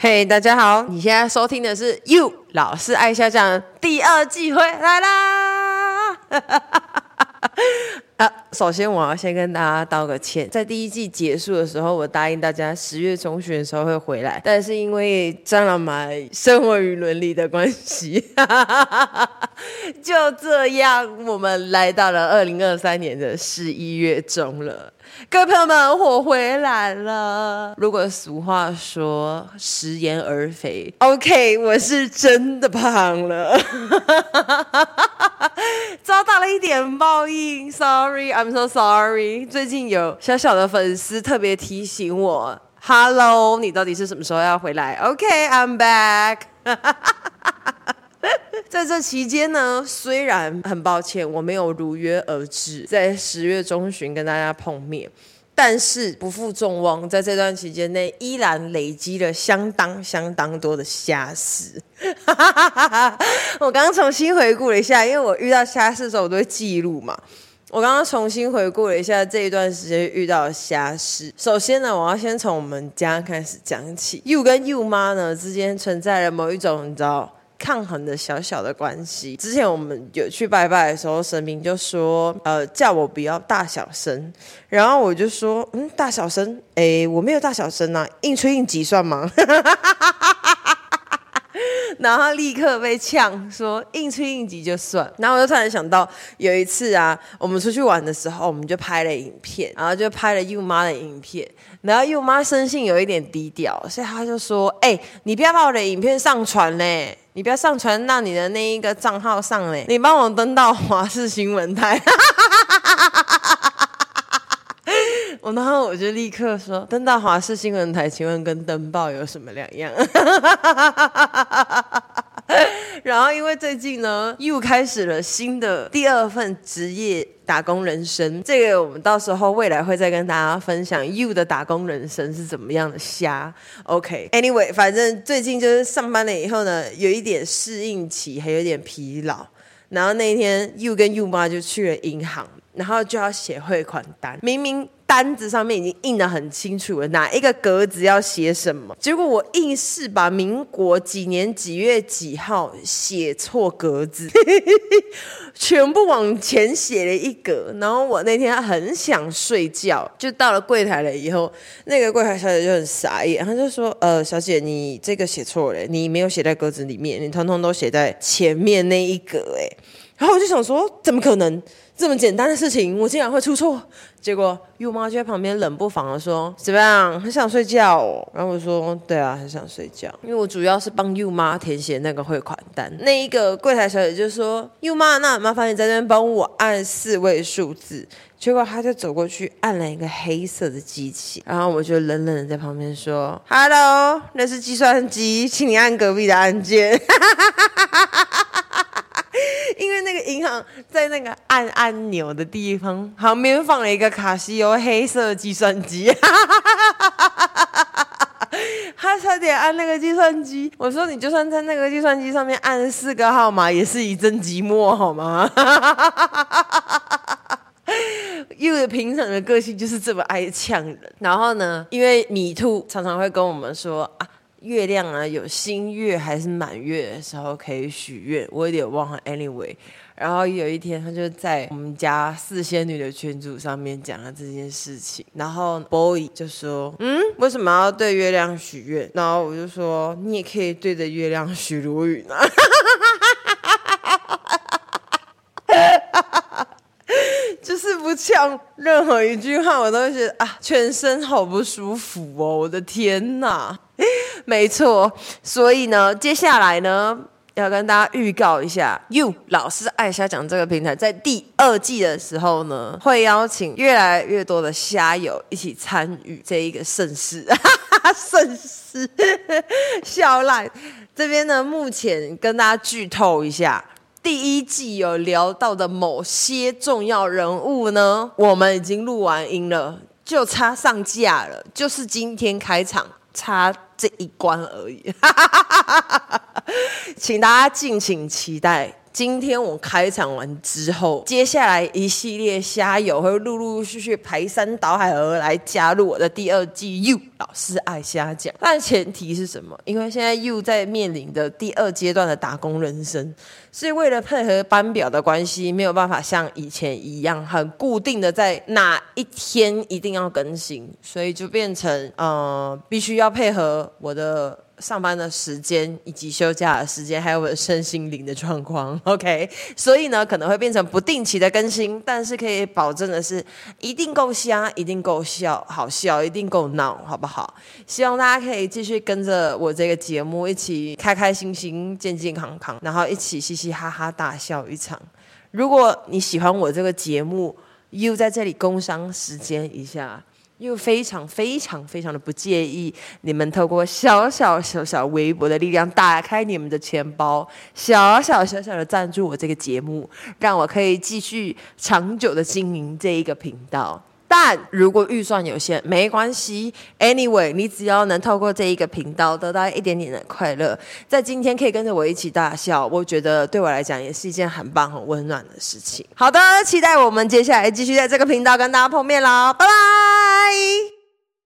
嘿，hey, 大家好！你現在收聽的是《Yu 姥是愛蝦講》第二季回來啦！ 啊，首先我要先跟大家道個歉，在第一季結束的時候，我答應大家十月中旬的時候會回來，但是因為蟑螂媽生活與倫理的關係， 就這樣，我們來到了二零二三年的十一月中了。各位朋友們，我回來了。如果俗話說食言而肥，OK，我是真的胖了。 點報應，Sorry，I'm so sorry。最近有小小的粉絲特別提醒我，Hello，你到底是什麼時候要回來？OK，I'm back。 在這期間呢，雖然很抱歉我沒有如約而至，在十月中旬跟大家碰面，但是不負眾望，在這段期間內依然累積了相當相當多的蝦食。哈， 我剛剛重新回顧了一下，因為我遇到蝦事的時候，我都會記錄嘛。我剛剛重新回顧了一下這一段時間遇到蝦事。首先呢，我要先從我們家開始講起。Yu 跟 Yu 媽呢之間存在了某一種你知道抗衡的小小的關係。之前我們有去拜拜的時候，神明就說，呃，叫我不要大小聲。然後我就說，嗯，大小聲？哎，我沒有大小聲啊，硬吹硬擠算嗎？ 然後立刻被嗆說，應出應急就算。然後我就突然想到，有一次啊，我們出去玩的時候，我們就拍了影片，然後就拍了幼媽的影片。然後幼媽生性有一點低調，所以她就說：“哎、欸，你不要把我的影片上傳呢，你不要上傳到你的那一個賬號上呢。」你幫我登到華視新聞台。 ”然後我就立刻說：“登到華視新聞台，請問跟登報有什麼兩樣？” 然後因為最近呢，又開始了新的第二份職業打工人生。這個我們到時候未來會再跟大家分享。You 的打工人生是怎麼樣的蝦？蝦 OK？Anyway，okay, 反正最近就是上班了以後呢，有一點適應期，還有點疲勞。然後那一天，You 跟 You 媽就去了銀行，然後就要寫匯款單，明明。單子上面已經印得很清楚了，哪一個格子，要寫什麼？結果我硬是把民國幾年幾月幾號寫錯格子， 全部往前寫了一格。然後我那天很想睡覺，就到了櫃檯了以後，那個櫃檯小姐就很傻眼，她就說：“呃，小姐，你這個寫錯了，你沒有寫在格子裡面，你通通都寫在前面那一格，欸。”然後我就想說，怎麼可能這麼簡單的事情，我竟然會出錯？結果 Yu 媽就在旁邊冷不防的說：“怎麼樣，很想睡覺哦？”然後我說：“對啊，很想睡覺。”因為我主要是幫 Yu 媽填寫那個匯款單。那一個櫃檯小姐就說：“Yu 媽，那麻煩你在這邊幫我按四位數字。”結果她就走過去按了一個黑色的機器，然後我就冷冷的在旁邊說：“Hello，那是計算機，請你按隔壁的按鍵。 ”因為那個銀行在那個按按鈕的地方旁邊放了一個卡西歐黑色的計算機， 他差點按那個計算機。我說你就算在那個計算機上面按四個號碼，也是一陣寂寞，好嗎？又 為平常的個性就是這麼愛嗆人。然後呢，因為米兔常常會跟我們說月亮啊，有新月還是滿月的時候可以許願，我有點忘了。Anyway，然後有一天他就在我們家四仙女的群組上面講了這件事情，然後 Boy 就說：“嗯，為什麼要對月亮許願？”然後我就說：“你也可以對着月亮許如雨呢、啊， 就是不嗆任何一句話，我都會覺得啊，全身好不舒服哦！我的天哪！沒錯，所以呢，接下來呢，要跟大家預告一下，Yu 姥是愛蝦講這個平台在第二季的時候呢，會邀請越來越多的蝦友一起參與這一個盛事哈哈哈哈，盛事。小賴這邊呢，目前跟大家劇透一下，第一季有聊到的某些重要人物呢，我們已經錄完音了，就差上架了，就是今天開場差。這一關而已， 請大家敬請期待。今天我開場完之後，接下來一系列蝦友會陸陸續續排山倒海河而來，加入我的第二季 Yu 姥是愛蝦講。但前提是什麼？因為現在又 u 在面臨的第二階段的打工人生，是為了配合班表的關係，沒有辦法像以前一樣很固定的在哪一天一定要更新，所以就變成呃，必須要配合我的。上班的時間，以及休假的時間，還有我的身心靈的狀況，OK。所以呢，可能會變成不定期的更新，但是可以保證的是，一定夠瞎，一定夠笑，好笑，一定夠鬧，好不好？希望大家可以繼續跟着我這個節目一起開開心心、健健康康，然後一起嘻嘻哈哈大笑一場。如果你喜歡我這個節目，又在這裡工商時間一下。又非常非常非常的不介意，你們透過小小小小微薄的力量，打開你們的錢包，小、小小小小的贊助我這個節目，讓我可以繼續長久的經營這一個頻道。但如果預算有限，沒關係。Anyway，你只要能透過這一個頻道得到一點點的快樂，在今天可以跟着我一起大笑，我覺得對我來講也是一件很棒、很溫暖的事情。好的，期待我們接下來繼續在這個頻道跟大家碰面嘍，拜拜。